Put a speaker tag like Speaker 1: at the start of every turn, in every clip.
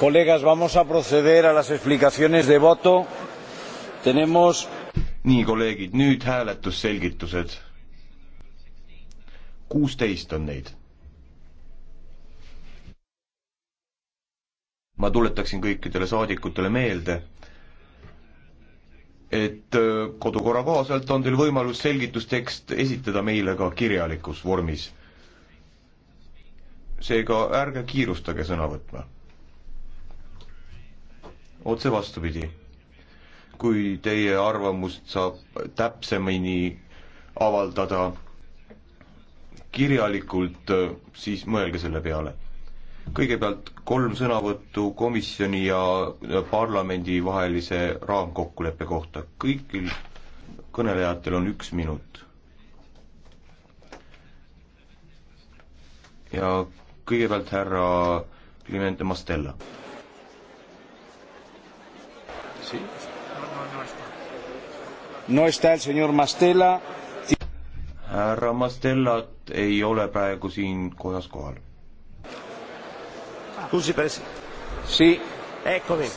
Speaker 1: Kollegas, ah, vamos a proceder a las explicaciones de voto. Tenemos... nii, kolleegid, nüüd hääletusselgitused. kuusteist on neid. ma tuletaksin kõikidele saadikutele meelde, et äh, kodukorra kohaselt on teil võimalus selgitustekst esitada meile ka kirjalikus vormis seega ärge kiirustage sõna võtma. otse vastupidi, kui teie arvamust saab täpsemini avaldada kirjalikult, siis mõelge selle peale. kõigepealt kolm sõnavõttu komisjoni ja parlamendi vahelise raamkokkuleppe kohta, kõigil kõnelejatel on üks minut. ja kõigepealt härra Clemente Mastella. no está el señor Mastella. härra Mastellat ei ole praegu siin kojas kohal. Scusi, pres- si.. Sì, eccomi. Eh,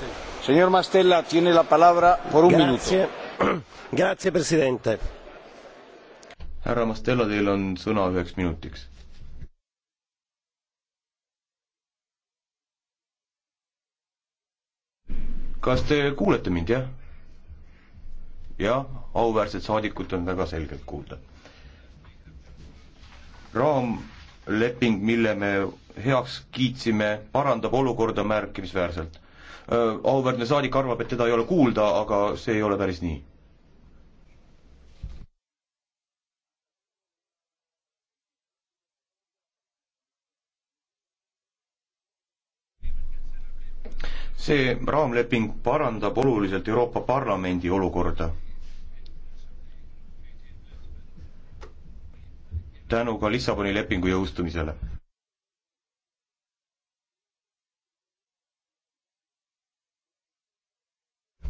Speaker 1: Signor Mastella, tiene la palabra por un Grazie. minuto. Grazie, presidente. härra Mastella, teil on sõna üheks minutiks kas te kuulete mind, jah? jah, auväärset saadikut on väga selgelt kuulda. raamleping, mille me heaks kiitsime, parandab olukorda märkimisväärselt. Äh, auväärne saadik arvab, et teda ei ole kuulda, aga see ei ole päris nii see raamleping parandab oluliselt Euroopa Parlamendi olukorda. tänu ka Lissaboni lepingu jõustumisele.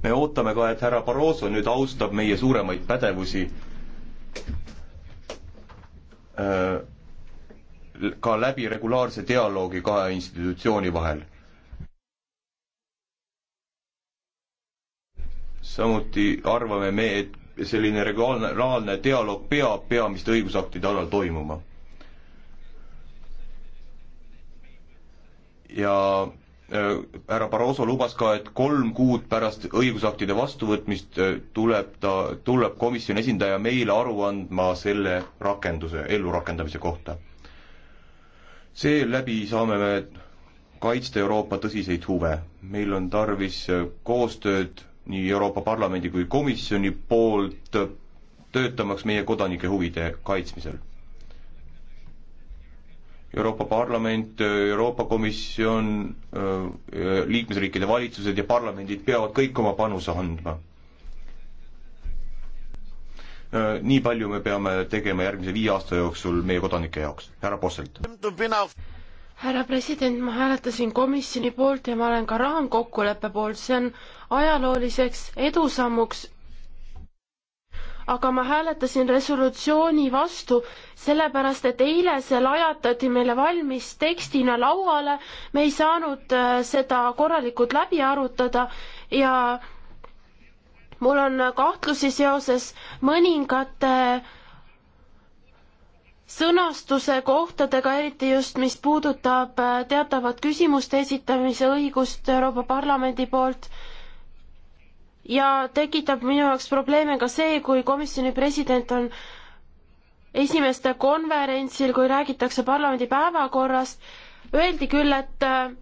Speaker 1: me ootame ka, et härra Barroso nüüd austab meie suuremaid pädevusi äh, ka läbi regulaarse dialoogi kahe institutsiooni vahel samuti arvame me, et selline regionaalne dialoog peab peamiste õigusaktide alal toimuma. ja äh, härra Barroso lubas ka, et kolm kuud pärast õigusaktide vastuvõtmist äh, tuleb ta, tuleb komisjoni esindaja meile aru andma selle rakenduse, ellurakendamise kohta. seeläbi saame me kaitsta Euroopa tõsiseid huve. meil on tarvis äh, koostööd nii Euroopa Parlamendi kui komisjoni poolt, töötamaks meie kodanike huvide kaitsmisel. Euroopa Parlament, Euroopa Komisjon, liikmesriikide valitsused ja parlamendid peavad kõik oma panuse andma. nii palju me peame tegema järgmise viie aasta jooksul meie kodanike jaoks, härra Posselt
Speaker 2: härra president, ma hääletasin komisjoni poolt ja ma olen ka raamkokkuleppe poolt, see on ajalooliseks edusammuks. aga ma hääletasin resolutsiooni vastu, sellepärast et eile see lajatati meile valmis tekstina lauale, me ei saanud äh, seda korralikult läbi arutada ja mul on kahtlusi seoses mõningate äh, sõnastuse kohtadega, eriti just, mis puudutab äh, teatavat küsimuste esitamise õigust Euroopa Parlamendi poolt ja tekitab minu jaoks probleeme ka see, kui komisjoni president on esimeste konverentsil, kui räägitakse parlamendi päevakorrast, öeldi küll, et äh,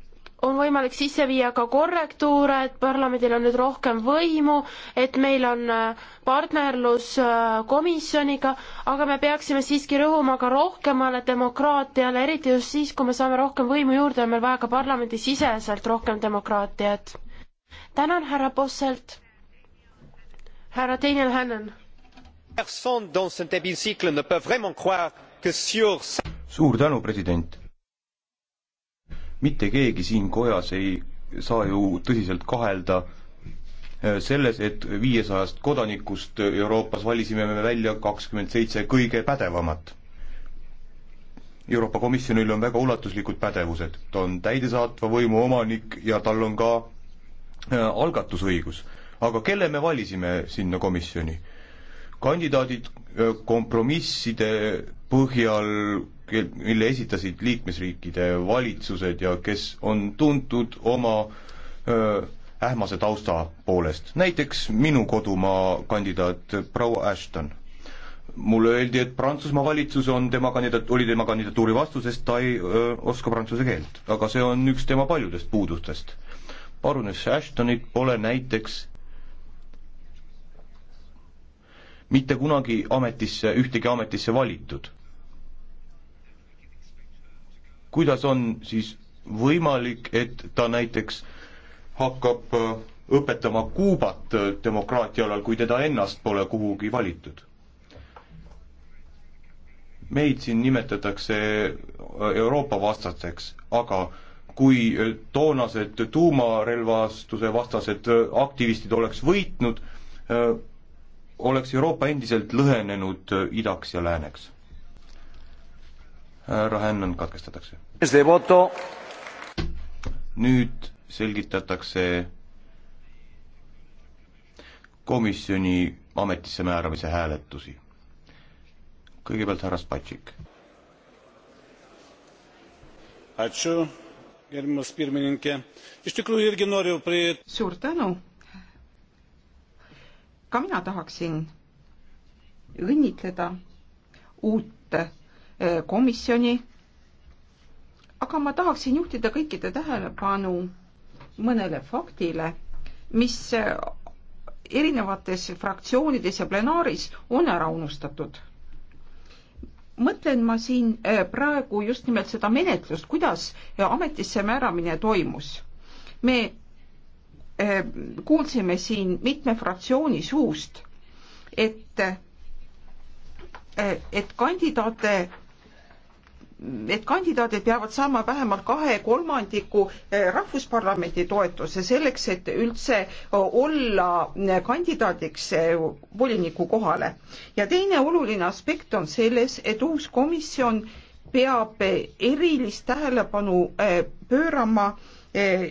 Speaker 2: on võimalik sisse viia ka korrektuure, et parlamendil on nüüd rohkem võimu, et meil on äh, partnerlus äh, komisjoniga, aga me peaksime siiski rõhuma ka rohkemale demokraatiale, eriti just siis, kui me saame rohkem võimu juurde, on meil vaja ka parlamendisiseselt rohkem demokraatiat. tänan, härra Posselt. härra Daniel Hannan.
Speaker 1: suur tänu, president mitte keegi siin kojas ei saa ju tõsiselt kahelda äh, selles, et viiesajast kodanikust Euroopas valisime me välja kakskümmend seitse kõige pädevamat. Euroopa Komisjonil on väga ulatuslikud pädevused, ta on täidesaatva võimu omanik ja tal on ka äh, algatusõigus. aga kelle me valisime sinna komisjoni? kandidaadid äh, kompromisside põhjal mille esitasid liikmesriikide valitsused ja kes on tuntud oma ähmase tausta poolest. näiteks minu kodumaa kandidaat proua Ashton. mulle öeldi, et Prantsusmaa valitsus on tema kandidaat, oli tema kandidatuuri vastu, sest ta ei öö, oska prantsuse keelt. aga see on üks tema paljudest puudustest. parunes Ashtonit pole näiteks mitte kunagi ametisse, ühtegi ametisse valitud kuidas on siis võimalik, et ta näiteks hakkab äh, õpetama Kuubat äh, demokraatia alal, kui teda ennast pole kuhugi valitud? meid siin nimetatakse äh, Euroopa vastasteks, aga kui toonased tuumarelvastuse vastased aktivistid oleks võitnud, oleks Euroopa endiselt lõhenenud idaks ja lääneks härra Hännon katkestatakse. nüüd selgitatakse komisjoni ametisse määramise hääletusi. kõigepealt härra Spatšik. suur
Speaker 3: tänu. ka mina tahaksin õnnitleda uut Äh, komisjoni. aga ma tahaksin juhtida kõikide tähelepanu mõnele faktile, mis äh, erinevates fraktsioonides ja plenaaris on ära unustatud. mõtlen ma siin äh, praegu just nimelt seda menetlust, kuidas ametisse määramine toimus. me kuulsime siin mitme fraktsiooni suust, et, et kandidaate et kandidaadid peavad saama vähemalt kahe kolmandiku eh, rahvusparlamendi toetuse selleks, et üldse eh, olla eh, kandidaadiks voliniku kohale. ja teine oluline aspekt on selles, et uus komisjon peab erilist tähelepanu pöörama äh,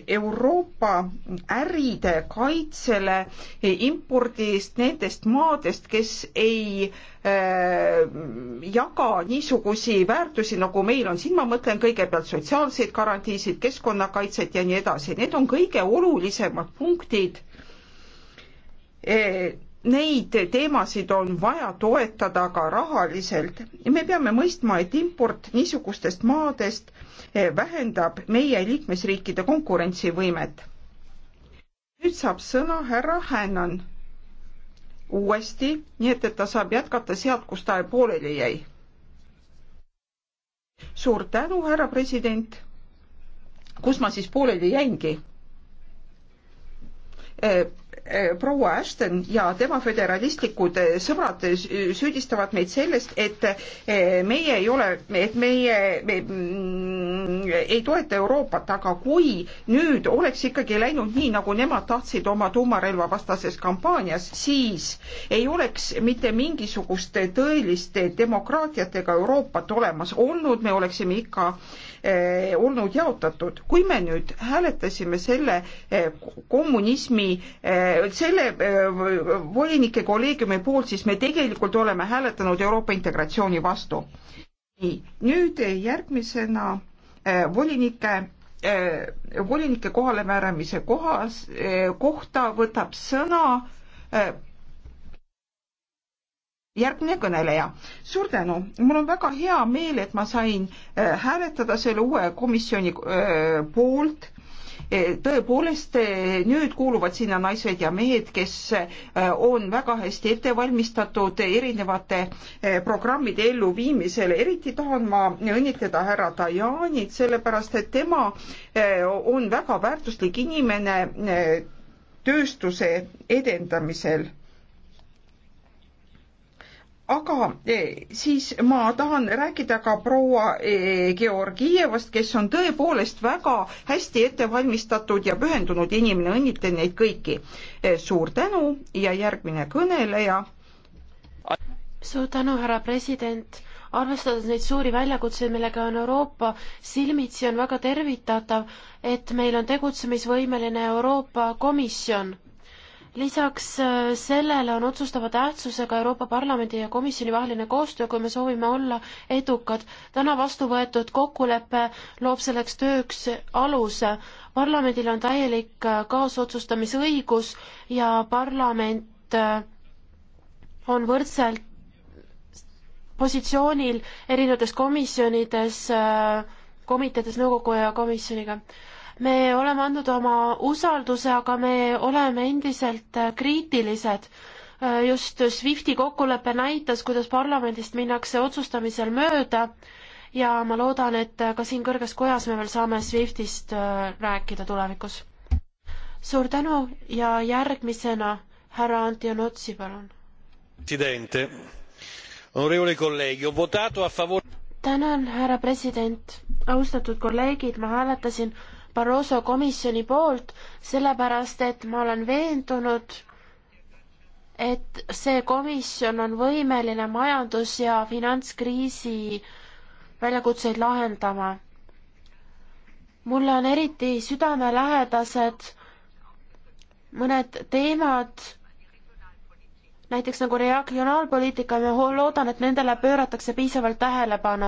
Speaker 3: Euroopa äride kaitsele impordist nendest maadest, kes ei äh, jaga niisugusi väärtusi, nagu meil on, siin ma mõtlen kõigepealt sotsiaalseid garantiisid, keskkonnakaitset ja nii edasi, need on kõige olulisemad punktid äh, neid teemasid on vaja toetada ka rahaliselt. me peame mõistma, et import niisugustest maadest eh, vähendab meie liikmesriikide konkurentsivõimet. nüüd saab sõna härra Hännan uuesti, nii et, et ta saab jätkata sealt, kus ta pooleli jäi. suur tänu, härra president. kus ma siis pooleli jäingi? Eh, Äh, proua Ashton ja tema föderalistlikud äh, sõbrad äh, süüdistavad meid sellest, et meie ei ole, et meie me, mm, ei toeta Euroopat, aga kui nüüd oleks ikkagi läinud nii, nagu nemad tahtsid oma tuumarelvavastases kampaanias, siis ei oleks mitte mingisugust tõelist demokraatiat ega Euroopat olemas olnud, me oleksime ikka eh, olnud jaotatud. kui me nüüd hääletasime selle eh, kommunismi eh, selle äh, volinike kolleegiumi poolt, siis me tegelikult oleme hääletanud Euroopa integratsiooni vastu. nii, nüüd järgmisena äh, volinike äh, volinike kohale määramise kohas, kohta võtab sõna järgmine kõneleja. suur tänu, mul on väga hea meel, et ma sain hääletada selle uue komisjoni poolt Eh, tõepoolest eh, nüüd kuuluvad sinna naised ja mehed, kes eh, on väga hästi ette valmistatud erinevate programmide elluviimisele, eriti tahan ma õnnitleda härra Dajanit, sellepärast et tema on väga väärtuslik inimene tööstuse edendamisel aga e, siis ma tahan rääkida ka proua e, Georgievast, kes on tõepoolest väga hästi ettevalmistatud ja pühendunud inimene, õnnitlen neid kõiki.
Speaker 2: E, suur tänu ja järgmine kõneleja. suur tänu, härra president arvestades neid suuri väljakutseid, millega on Euroopa silmitsi, on väga tervitatav, et meil on tegutsemisvõimeline Euroopa Komisjon lisaks äh, sellele on otsustava tähtsusega Euroopa Parlamendi ja komisjoni vaheline koostöö, kui me soovime olla edukad. täna vastu võetud kokkulepe loob selleks tööks aluse. parlamendil on täielik äh, kaasotsustamisõigus ja parlament äh, on võrdselt positsioonil erinevates komisjonides, komiteedes, nõukogu ja komisjoniga me oleme andnud oma usalduse, aga me oleme endiselt äh, kriitilised. Äh, just SWIFTi kokkulepe näitas, kuidas parlamendist minnakse otsustamisel mööda ja ma loodan, et äh, ka siin kõrges kojas me veel saame SWIFTist rääkida tulevikus. suur tänu ja järgmisena härra Antionotsi, palun. tänan, härra president, austatud kolleegid, ma hääletasin Barroso komisjoni poolt, sellepärast et ma olen veendunud, et see komisjon on võimeline majandus- ja finantskriisi väljakutseid lahendama. mulle on eriti südamelähedased mõned teemad näiteks nagu regionaalpoliitika, ma loodan, et nendele pööratakse piisavalt tähelepanu.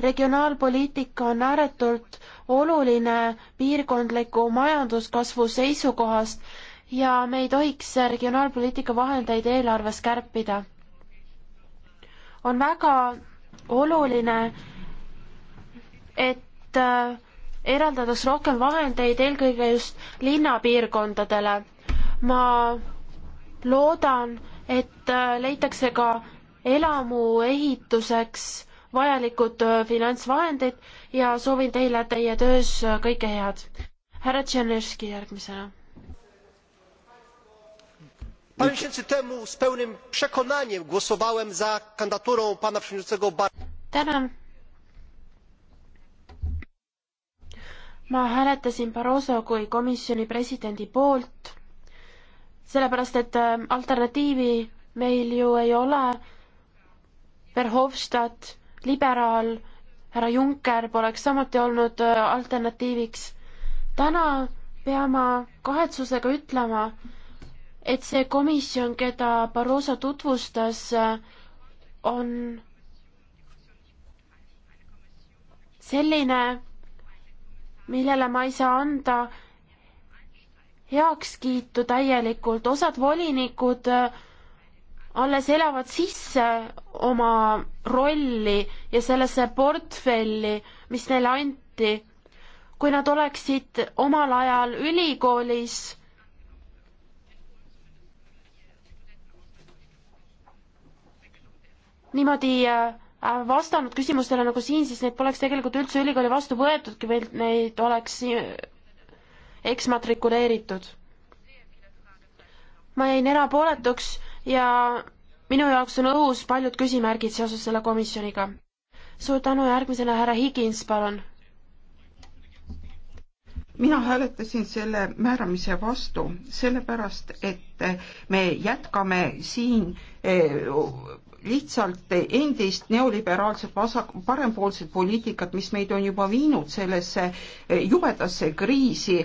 Speaker 2: regionaalpoliitika on ääretult oluline piirkondliku majanduskasvu seisukohast ja me ei tohiks regionaalpoliitika vahendeid eelarves kärpida. on väga oluline, et äh, eraldatakse rohkem vahendeid eelkõige just linnapiirkondadele. ma loodan, et äh, leitakse ka elamu ehituseks vajalikud äh, finantsvahendid ja soovin teile teie töös äh, kõike head. härra Tšernerski järgmisena.
Speaker 1: parę miesięcy temu z pełnym przekonaniem głosowałem za kandydaturą pana przewodniczącego Tänan.
Speaker 2: ma hääletasin Barroso kui komisjoni presidendi poolt sellepärast, et ähm, alternatiivi meil ju ei ole. Verhofstadt, liberaal, härra Juncker poleks samuti olnud äh, alternatiiviks. täna pean ma kahetsusega ütlema, et see komisjon, keda Barroso tutvustas, äh, on selline, millele ma ei saa anda heakskiitu täielikult, osad volinikud äh, alles elavad sisse oma rolli ja sellesse portfelli, mis neile anti. kui nad oleksid omal ajal ülikoolis niimoodi äh, vastanud küsimustele nagu siin, siis neid poleks tegelikult üldse ülikooli vastu võetudki, vaid neid oleks eksmatrikuleeritud. ma jäin erapooletuks ja minu jaoks on õhus paljud küsimärgid seoses selle komisjoniga. suur tänu, järgmisena härra Higins, palun.
Speaker 3: mina hääletasin selle määramise vastu,
Speaker 2: sellepärast
Speaker 3: et me jätkame siin eh, lihtsalt endist neoliberaalset vasak, parempoolset poliitikat, mis meid on juba viinud sellesse eh, jubedasse kriisi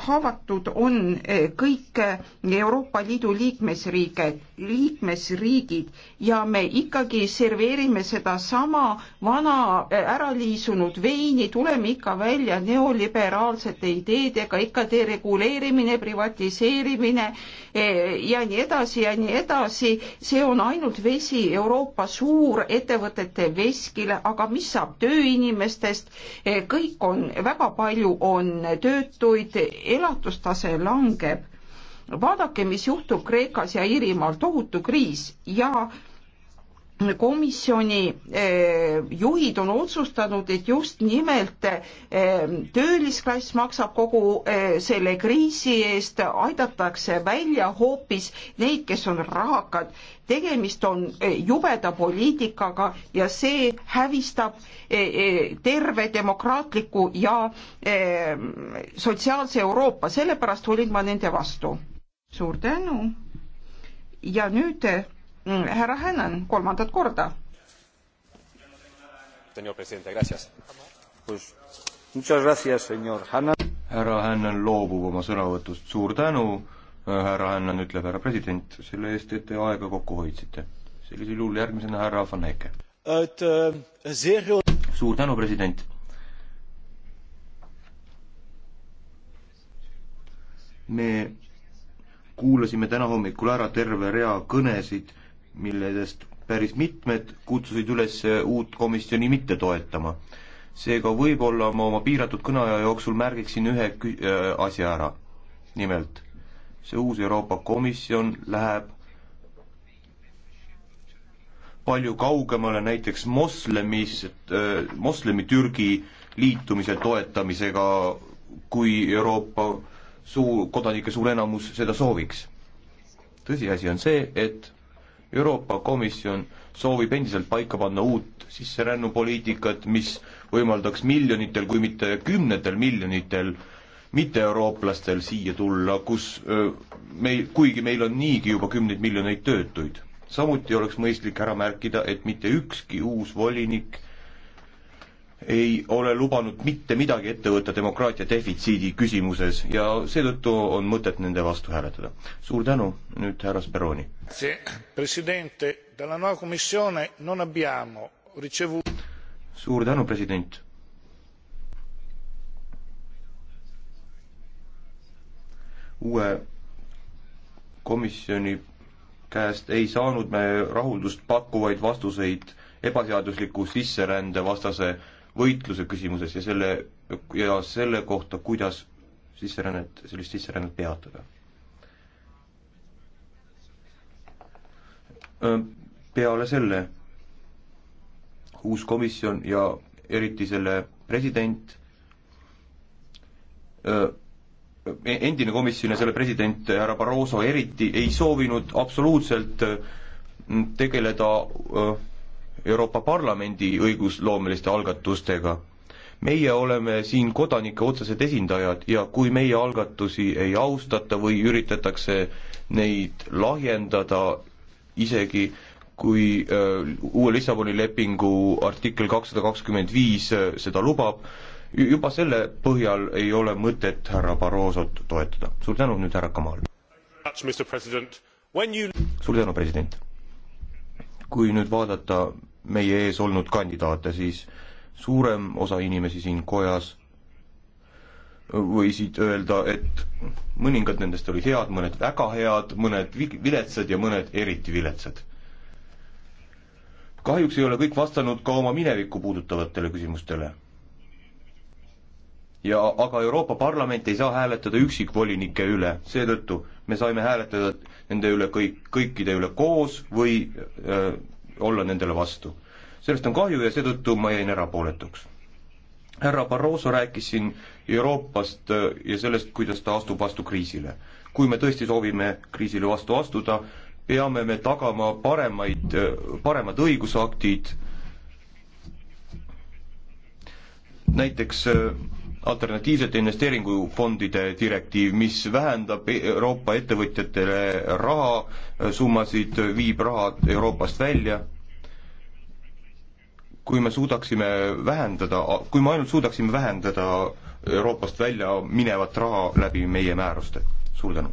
Speaker 3: haavatud on eh, kõik eh, Euroopa Liidu liikmesriigid, liikmesriigid ja me ikkagi serveerime sedasama vana eh, äraliisunud veini, tuleme ikka välja neoliberaalsete ideedega, ikka dereguleerimine, privatiseerimine ja nii edasi ja nii edasi. see on ainult vesi Euroopa suurettevõtete veskile, aga mis saab tööinimestest, kõik on, väga palju on töötuid elatustase langeb. vaadake, mis juhtub Kreekas ja Iirimaal, tohutu kriis ja komisjoni eh, juhid on otsustanud, et just nimelt eh, töölisklass maksab kogu eh, selle kriisi eest, aidatakse välja hoopis neid, kes on rahakad. tegemist on jubeda poliitikaga ja see hävistab terve demokraatliku ja sotsiaalse Euroopa, sellepärast olin ma nende vastu. suur tänu ja nüüd Mm, härra Hännan kolmandat korda.
Speaker 1: härra Hännan loobub oma sõnavõtust, suur tänu, äh, härra Hännan, ütleb härra president, selle eest, et te aega kokku hoidsite. sellisel juhul järgmisena härra Van Heike. Äh, suur tänu, president me kuulasime täna hommikul ära terve rea kõnesid milledest päris mitmed kutsusid üles uut komisjoni mitte toetama. seega võib-olla ma oma piiratud kõneaja jooksul märgiksin ühe kü-, äh, asja ära. nimelt, see uus Euroopa Komisjon läheb palju kaugemale näiteks moslemis, äh, moslemi-Türgi liitumise toetamisega, kui Euroopa suur, kodanike suur enamus seda sooviks. tõsiasi on see, et Euroopa Komisjon soovib endiselt paika panna uut sisserännupoliitikat, mis võimaldaks miljonitel, kui mitte kümnetel miljonitel mitteeurooplastel siia tulla, kus meil, kuigi meil on niigi juba kümneid miljoneid töötuid. samuti oleks mõistlik ära märkida, et mitte ükski uus volinik ei ole lubanud mitte midagi ette võtta demokraatia defitsiidi küsimuses ja seetõttu on mõtet nende vastu hääletada. suur tänu, nüüd härra Speroni. suur tänu, president. uue komisjoni käest ei saanud me rahuldust pakkuvaid vastuseid ebaseadusliku sisserände vastase võitluse küsimuses ja selle, ja selle kohta, kuidas sisserännet, sellist sisserännet peatada. peale selle uus komisjon ja eriti selle president, e-, endine komisjon ja selle president härra Barroso eriti ei soovinud absoluutselt tegeleda öö, Euroopa Parlamendi õigusloomeliste algatustega. meie oleme siin kodanike otsesed esindajad ja kui meie algatusi ei austata või üritatakse neid lahjendada, isegi kui äh, uue Lissaboni lepingu artikkel kakssada kakskümmend viis äh, seda lubab, juba selle põhjal ei ole mõtet härra Barrosot toetada. suur tänu nüüd, härra Kamal. suur tänu, president. kui nüüd vaadata meie ees olnud kandidaate, siis suurem osa inimesi siin kojas võisid öelda, et mõningad nendest olid head, mõned väga head, mõned viletsad ja mõned eriti viletsad. kahjuks ei ole kõik vastanud ka oma minevikku puudutavatele küsimustele. ja aga Euroopa Parlament ei saa hääletada üksikvolinike üle, seetõttu me saime hääletada nende üle kõik, kõikide üle koos või öö, äh, olla nendele vastu. sellest on kahju ja seetõttu ma jäin erapooletuks. härra Barroso rääkis siin Euroopast äh, ja sellest, kuidas ta astub vastu kriisile. kui me tõesti soovime kriisile vastu astuda, peame me tagama paremaid, äh, paremad õigusaktid, näiteks äh, alternatiivsete investeeringufondide direktiiv, mis vähendab Euroopa ettevõtjatele rahasummasid, viib rahad Euroopast välja kui me suudaksime vähendada, kui me ainult suudaksime vähendada Euroopast välja minevat raha läbi meie määruste. suur tänu.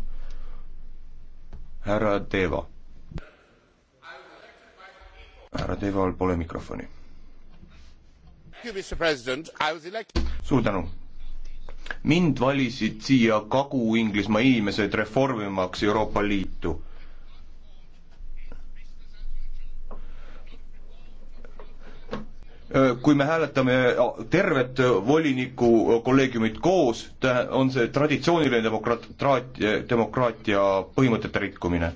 Speaker 1: härra Deva. härra Deval pole mikrofoni. suur tänu mind valisid siia Kagu-Inglismaa inimesed reformimaks Euroopa Liitu. Äh, kui me hääletame äh, tervet voliniku kolleegiumit koos, on see traditsiooniline demokraat-, demokraatia põhimõtete rikkumine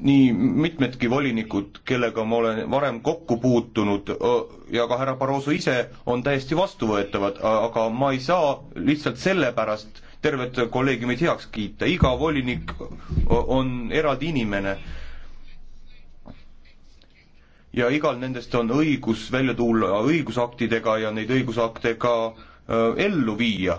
Speaker 1: nii mitmedki volinikud, kellega ma olen varem kokku puutunud ja ka härra Barroso ise on täiesti vastuvõetavad, aga ma ei saa lihtsalt sellepärast tervet kolleegiumit heaks kiita, iga volinik on eraldi inimene. ja igal nendest on õigus välja tulla õigusaktidega ja neid õigusakte ka ellu viia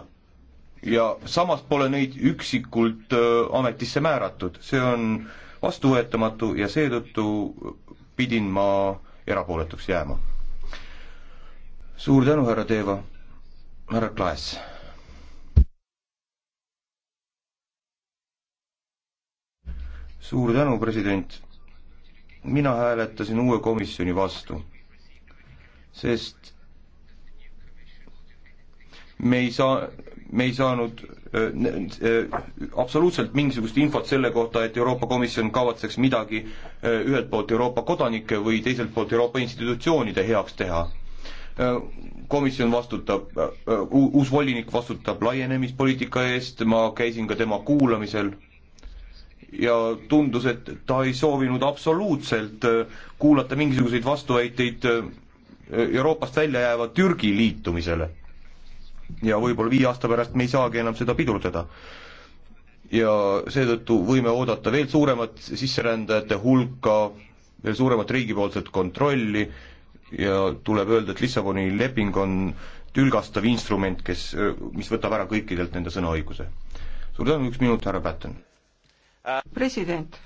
Speaker 1: ja samas pole neid üksikult ametisse määratud, see on äh, vastuvõetamatu ja seetõttu pidin ma erapooletuks jääma. suur tänu, härra Teeva, härra Klaas. suur tänu, president. mina hääletasin uue komisjoni vastu, sest me ei saa, me ei saanud äh, äh, absoluutselt mingisugust infot selle kohta, et Euroopa Komisjon kavatseks midagi äh, ühelt poolt Euroopa kodanike või teiselt poolt Euroopa institutsioonide heaks teha komisjon vastutab, uus volinik vastutab laienemispoliitika eest, ma käisin ka tema kuulamisel ja tundus, et ta ei soovinud absoluutselt kuulata mingisuguseid vastuväiteid Euroopast välja jääva Türgi liitumisele ja võib-olla viie aasta pärast me ei saagi enam seda pidurdada. ja seetõttu võime oodata veel suuremat sisserändajate hulka, veel suuremat riigipoolset kontrolli ja tuleb öelda, et Lissaboni leping on tülgastav instrument, kes, mis võtab ära kõikidelt nende sõnaõiguse. suur tänu, üks minut, härra Patten.
Speaker 3: president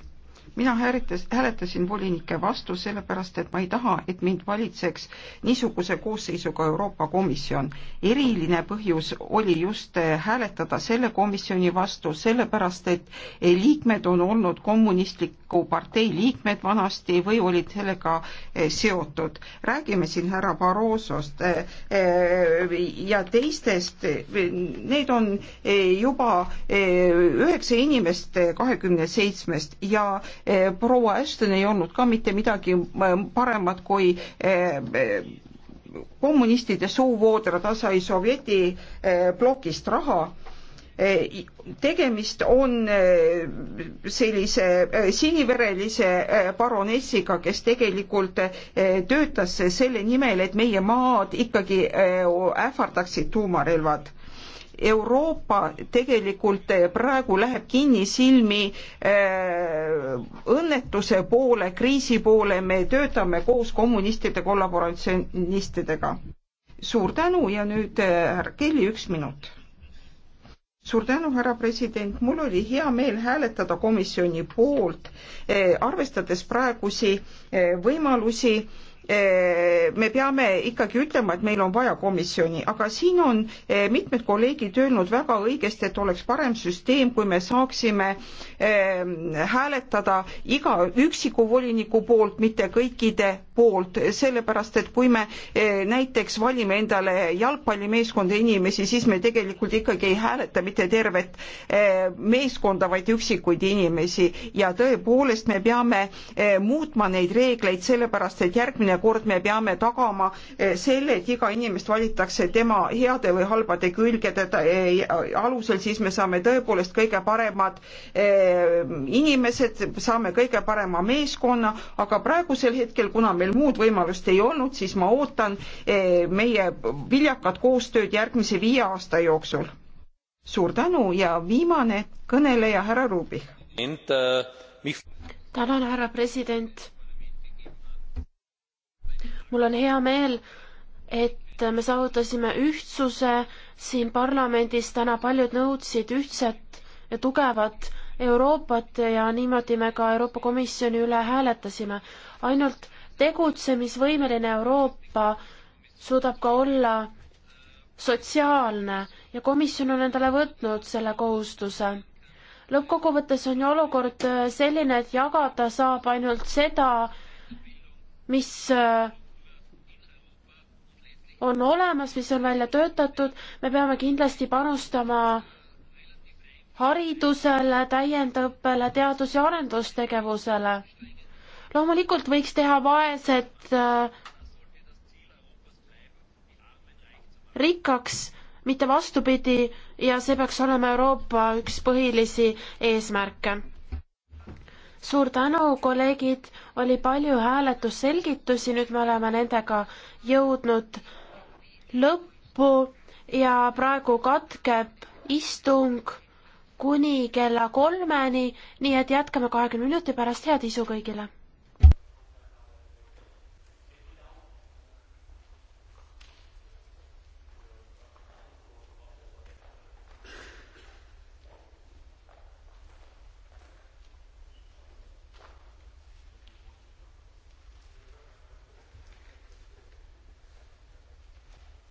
Speaker 3: mina hääletas, hääletasin volinike vastu sellepärast, et ma ei taha, et mind valitseks niisuguse koosseisuga Euroopa Komisjon. eriline põhjus oli just eh, hääletada selle komisjoni vastu, sellepärast et eh, liikmed on olnud kommunistlik kohaliku partei liikmed vanasti või olid sellega eh, seotud. räägime siin härra Barrosost eh, eh, ja teistest, need on juba üheksa inimest kahekümne seitsmest ja proua Ashton ei olnud ka mitte midagi paremat kui kommunistide suuvoodra, ta sai Sovjeti plokist raha Äh, tegemist on äh, sellise äh, siniverelise baronessiga, kes tegelikult töötas selle nimel, et meie maad ikkagi ähvardaksid tuumarelvad. Euroopa tegelikult praegu läheb kinni silmi õnnetuse poole, kriisi poole, me töötame koos kommunistide kollaboratsionistidega. suur tänu ja nüüd härra Kelly, üks minut suur tänu, härra president, mul oli hea meel hääletada komisjoni poolt, eh, arvestades praegusi eh, võimalusi Eh, me peame ikkagi ütlema, et meil on vaja komisjoni, aga siin on eh, mitmed kolleegid öelnud väga õigesti, et oleks parem süsteem, kui me saaksime eh, hääletada iga üksiku voliniku poolt, mitte kõikide poolt, sellepärast et kui me näiteks valime endale jalgpallimeeskonda inimesi, siis me tegelikult ikkagi ei hääleta mitte tervet meeskonda, vaid üksikuid inimesi ja tõepoolest me peame muutma neid reegleid, sellepärast et järgmine järgmine kord me peame tagama eh, selle, et iga inimest valitakse tema heade või halbade külgede eh, alusel, siis me saame tõepoolest kõige paremad eh, inimesed, saame kõige parema meeskonna, aga praegusel hetkel, kuna meil muud võimalust ei olnud, siis ma ootan meie viljakat koostööd järgmise viie aasta jooksul. suur tänu ja
Speaker 2: viimane kõneleja, härra Rubich.
Speaker 1: Äh,
Speaker 2: tänan, härra president mul on hea meel, et me saavutasime ühtsuse siin parlamendis, täna paljud nõudsid ühtset ja tugevat Euroopat ja niimoodi me ka Euroopa Komisjoni üle hääletasime. ainult tegutsemisvõimeline Euroopa suudab ka olla sotsiaalne ja komisjon on endale võtnud selle kohustuse. lõppkokkuvõttes on ju olukord selline, et jagada saab ainult seda, mis on olemas, mis on välja töötatud, me peame kindlasti panustama haridusele, täiendõppele, teadus- ja arendustegevusele. loomulikult võiks teha vaesed äh, rikkaks, mitte vastupidi, ja see peaks olema Euroopa üks põhilisi eesmärke. suur tänu, kolleegid, oli palju hääletusselgitusi, nüüd me oleme nendega jõudnud lõppu ja praegu katkeb istung kuni kella kolmeni, nii et jätkame kahekümne minuti pärast, head isu kõigile!